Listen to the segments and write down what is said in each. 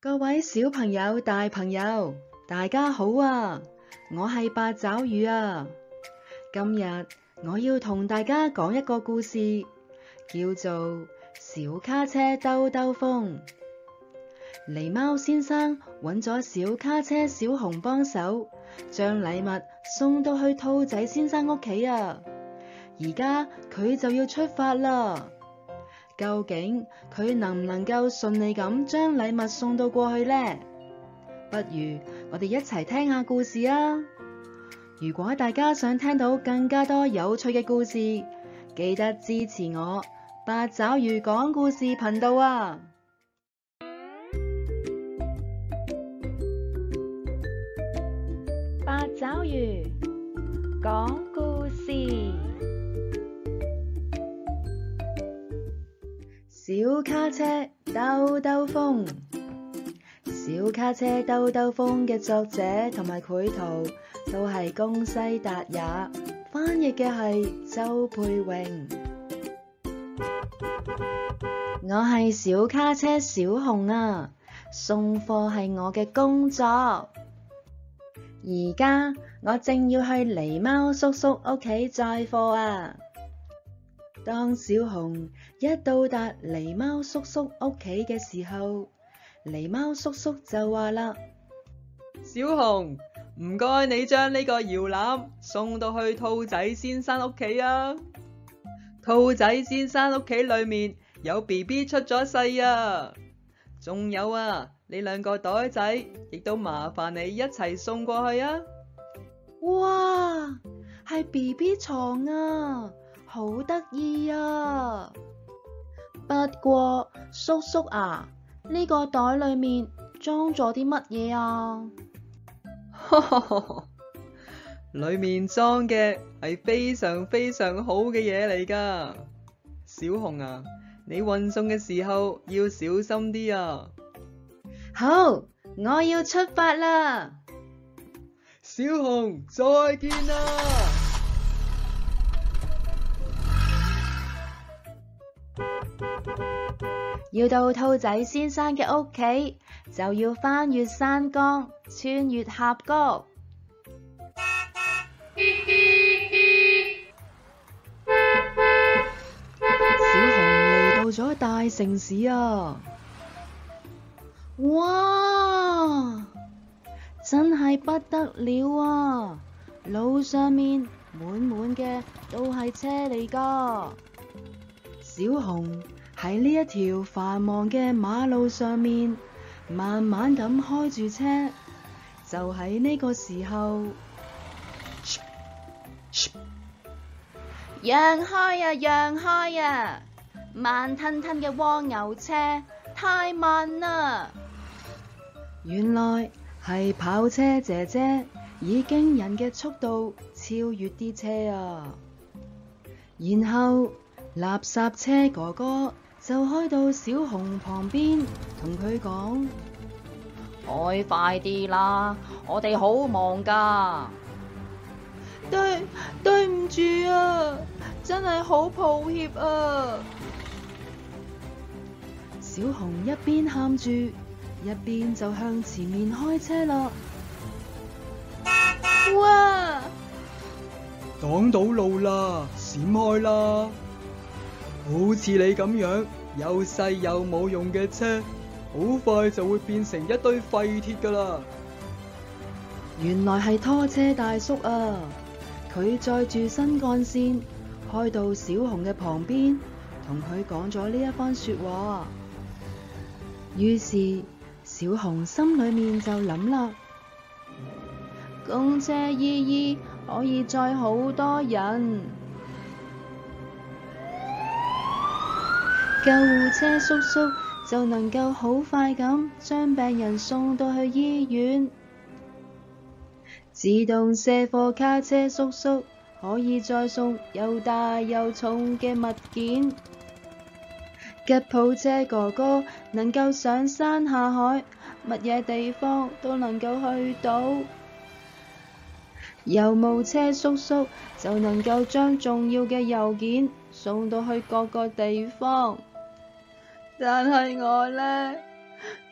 各位小朋友、大朋友，大家好啊！我係八爪魚啊！今日我要同大家講一個故事，叫做《小卡車兜兜風》。狸貓先生揾咗小卡車小紅幫手，將禮物送到去兔仔先生屋企啊！而家佢就要出發啦！究竟佢能唔能夠順利咁將禮物送到過去呢？不如我哋一齊聽下故事啊！如果大家想聽到更加多有趣嘅故事，記得支持我八爪魚講故事頻道啊！八爪魚講故小卡車兜兜風，小卡車兜兜風嘅作者同埋繪圖都係宮西達也，翻譯嘅係周佩穎。我係小卡車小紅啊，送貨係我嘅工作，而家我正要去狸貓叔叔屋企載貨啊。當小紅一到達狸貓叔叔屋企嘅時候，狸貓叔叔就話啦：小紅，唔該你將呢個搖籃送到去兔仔先生屋企啊！兔仔先生屋企裏面有 B B 出咗世啊，仲有啊，你兩個袋仔亦都麻煩你一齊送過去啊！哇，係 B B 床啊！好得意啊！不過叔叔啊，呢個袋裏面裝咗啲乜嘢啊？ 裏面裝嘅係非常非常好嘅嘢嚟噶。小紅啊，你運送嘅時候要小心啲啊！好，我要出發啦！小紅，再見啦！要到兔仔先生嘅屋企，就要翻越山崗，穿越峽谷。 小紅嚟到咗大城市啊！哇，真係不得了啊！路上面滿滿嘅都係車嚟噶，小紅。喺呢一條繁忙嘅馬路上面，慢慢咁開住車，就喺呢個時候，讓開啊，讓開啊！慢吞吞嘅蝸牛車太慢啦。原來係跑車姐姐以驚人嘅速度超越啲車啊，然後垃圾車哥哥，就開到小紅旁邊，同佢講：開快啲啦，我哋好忙噶。對，對唔住啊，真係好抱歉啊。小紅一邊喊住，一邊就向前面開車啦。哇！擋到路啦，閃開啦！好似你咁樣又細又冇用嘅車，好快就會變成一堆廢鐵噶啦！原來係拖車大叔啊，佢載住新幹線開到小紅嘅旁邊，同佢講咗呢一番說話。於是小紅心裏面就諗啦： 公車姨姨可以載好多人。救護車叔叔就能夠好快咁將病人送到去醫院。自動卸貨卡車叔叔可以載送又大又重嘅物件。吉普車哥哥能夠上山下海，乜嘢地方都能夠去到。郵務車叔叔就能夠將重要嘅郵件送到去各個地方。但係我咧，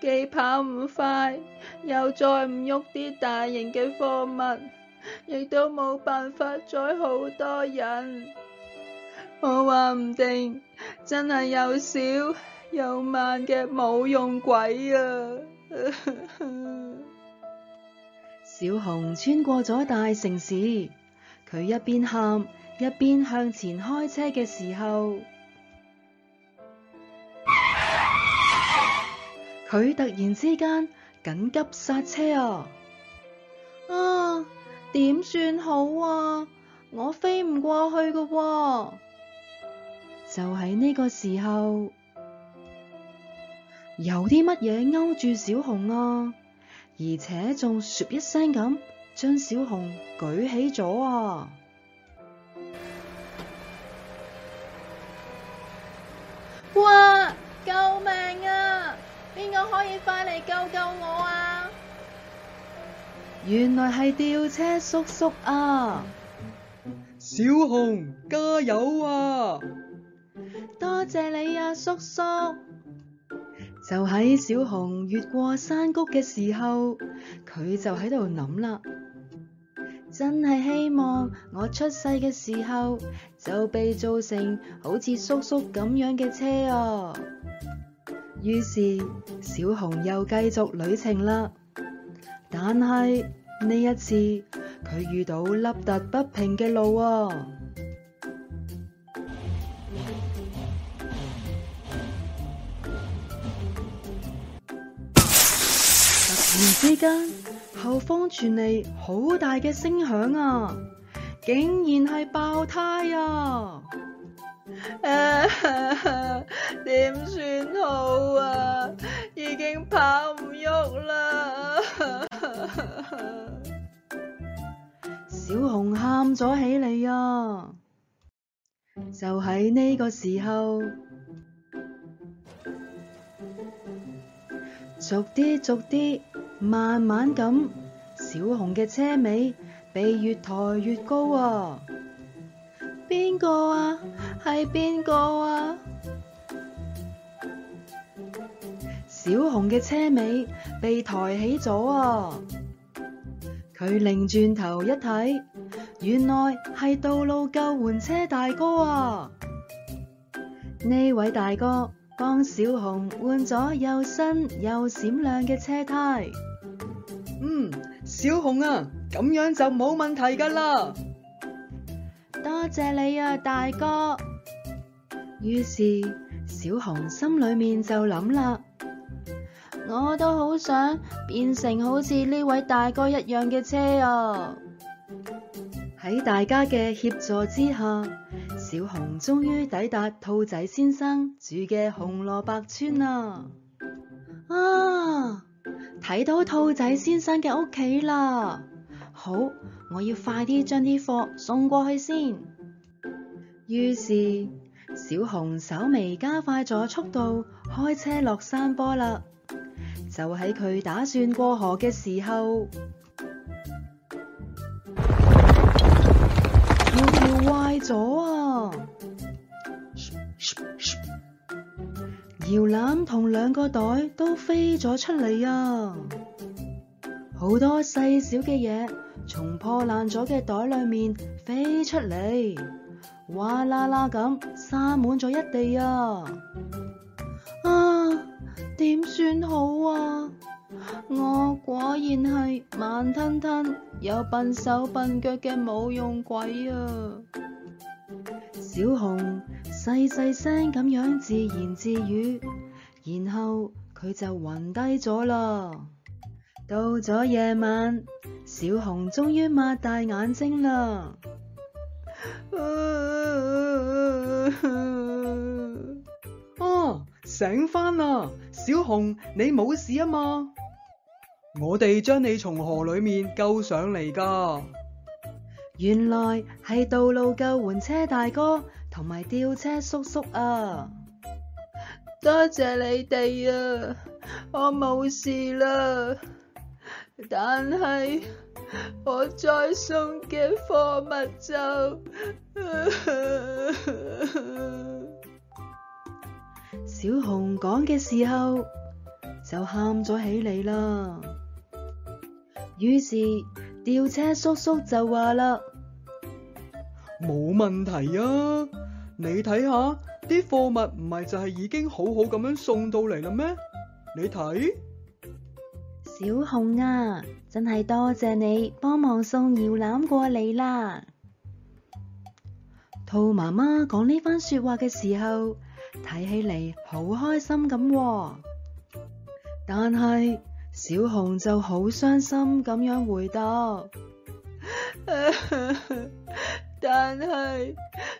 既跑唔快，又載唔喐啲大型嘅貨物，亦都冇辦法載好多人。我話唔定真係又小又慢嘅冇用鬼啊！ 小紅穿過咗大城市，佢一邊喊一邊向前開車嘅時候。佢突然之間緊急剎車啊！啊，點算好啊？我飛唔過去㗎喎，就喺呢個時候，有啲乜嘢勾住小紅啊？而且仲咻一聲咁，將小紅舉起咗啊！哇！救命啊！邊個可以快嚟救救我啊！原來係吊車叔叔啊！小紅加油啊！多謝你啊，叔叔！就喺小紅越過山谷嘅時候，佢就喺度諗啦。真係希望我出世嘅時候就被做成好似叔叔咁樣嘅車哦、啊！於是小紅又繼續旅程啦，但係呢一次佢遇到凹凸不平嘅路啊！突然之間，後方傳嚟好大嘅聲響啊！竟然係爆胎啊！點 算好？跑唔喐啦！小紅喊咗起嚟啊！就喺呢個時候，逐啲逐啲，慢慢咁，小紅嘅車尾被越抬越高啊！邊個啊？係邊個啊？小紅嘅車尾被抬起咗啊！佢擰轉頭一睇，原來係道路救援車大哥啊！呢位大哥幫小紅換咗又新又閃亮嘅車胎。嗯，小紅啊，咁樣就冇問題㗎喇！多謝你啊，大哥。於是小紅心裏面就諗啦。我都好想變成好似呢位大哥一樣嘅車啊！喺大家嘅協助之下，小紅終於抵達兔仔先生住嘅紅蘿蔔村啦，啊。啊！睇到兔仔先生嘅屋企啦，好，我要快啲將啲貨送過去先。於是小紅稍微加快咗速度，開車落山坡啦。就喺佢打算過河嘅時候，搖跳壞咗啊！搖籃同兩個袋都飛咗出嚟啊！好多細小嘅嘢從破爛咗嘅袋裏面飛出嚟，嘩啦啦咁散滿咗一地啊！點算好啊！我果然係慢吞吞，有笨手笨腳嘅冇用鬼啊！小紅細細聲咁樣自言自語，然後佢就暈低咗啦。到咗夜晚，小紅終於擘大眼睛啦！啊！醒翻啦！小紅，你冇事啊嘛？我哋將你從河裏面救上嚟噶，原來係道路救援車大哥同埋吊車叔叔啊！多謝你哋啊，我冇事啦，但係我再送嘅貨物就。 小紅講嘅時候就喊咗起嚟啦，於是吊車叔叔就話啦：冇問題啊，你睇下啲貨物唔係就係已經好好咁樣送到嚟啦咩？你睇，小紅啊，真係多謝你幫忙送搖籃過嚟啦。兔媽媽講呢番說話嘅時候。睇起嚟好開心咁。哦，但係小紅就好傷心咁樣回答。 但係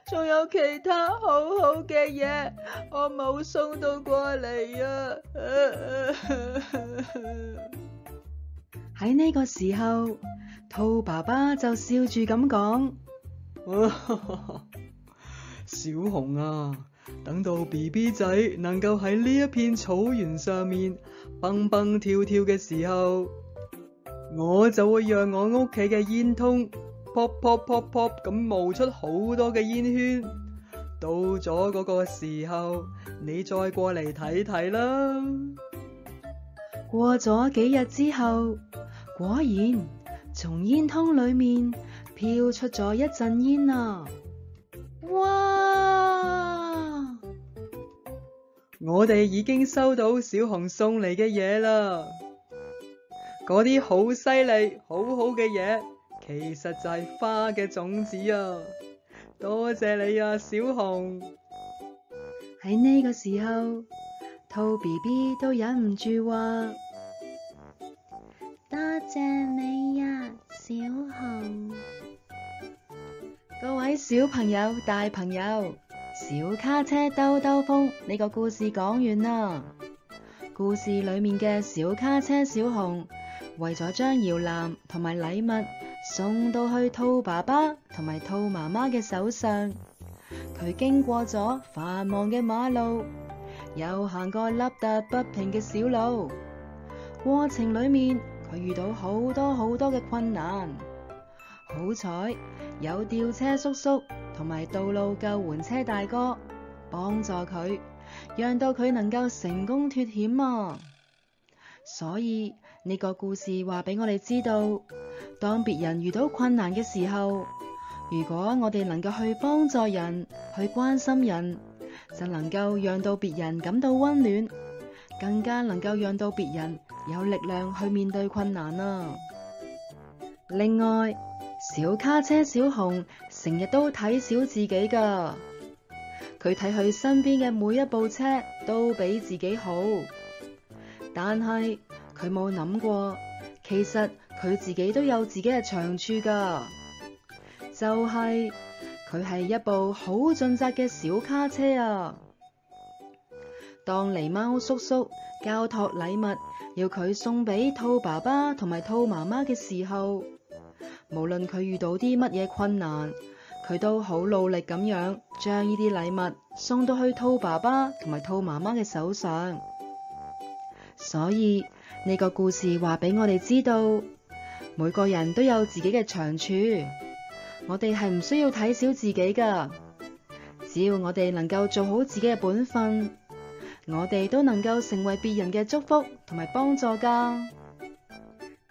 仲有其他好好嘅嘢，我冇送到過嚟啊！喺 呢個時候，兔爸爸就笑住咁講。 小紅啊，等到 BB 仔能夠喺呢一片草原上面蹦蹦跳跳嘅時候，我就會讓我屋企嘅煙囪撲撲撲撲咁冒出好多嘅煙圈。到咗嗰個時候，你再過嚟睇睇啦。過咗幾日之後，果然從煙囪裏面飄出咗一陣煙啊！哇！我哋已經收到小紅送嚟嘅嘢啦，嗰啲好犀利、好好嘅嘢，其實就係花嘅種子啊！多謝你啊，小紅！喺呢個時候，兔 BB 都忍唔住話：多謝你啊，小紅！各位小朋友、大朋友，小卡車兜兜風，呢個故事講完啦。故事裏面嘅小卡車小紅，為咗將搖籃同埋禮物送到去兔爸爸同埋兔媽媽嘅手上，佢經過咗繁忙嘅馬路，又行過凹凸不平嘅小路。過程裏面佢遇到好多好多嘅困難，好彩有吊車叔叔。同埋道路救援車大哥幫助佢，讓到佢能夠成功脫險啊！所以呢個故事話俾我哋知道，當別人遇到困難嘅時候，如果我哋能夠去幫助人、去關心人，就能夠讓到別人感到温暖，更加能夠讓到別人有力量去面對困難啊！另外，小卡車小紅。成日都睇小自己噶，佢睇佢身邊嘅每一部車都比自己好，但係佢冇諗過，其實佢自己都有自己嘅長處噶，就係佢係一部好盡責嘅小卡車啊！當狸貓叔叔交託禮物要佢送俾兔爸爸同埋兔媽媽嘅時候，無論佢遇到啲乜嘢困難。佢都好努力咁樣將呢啲禮物送到去兔爸爸同埋兔媽媽嘅手上，所以呢個故事話俾我哋知道，每個人都有自己嘅長處，我哋係唔需要睇小自己噶。只要我哋能夠做好自己嘅本分，我哋都能夠成為別人嘅祝福同埋幫助噶。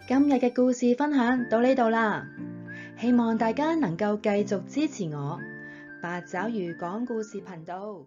今日嘅故事分享到呢度啦。希望大家能夠繼續支持我，八爪魚講故事頻道。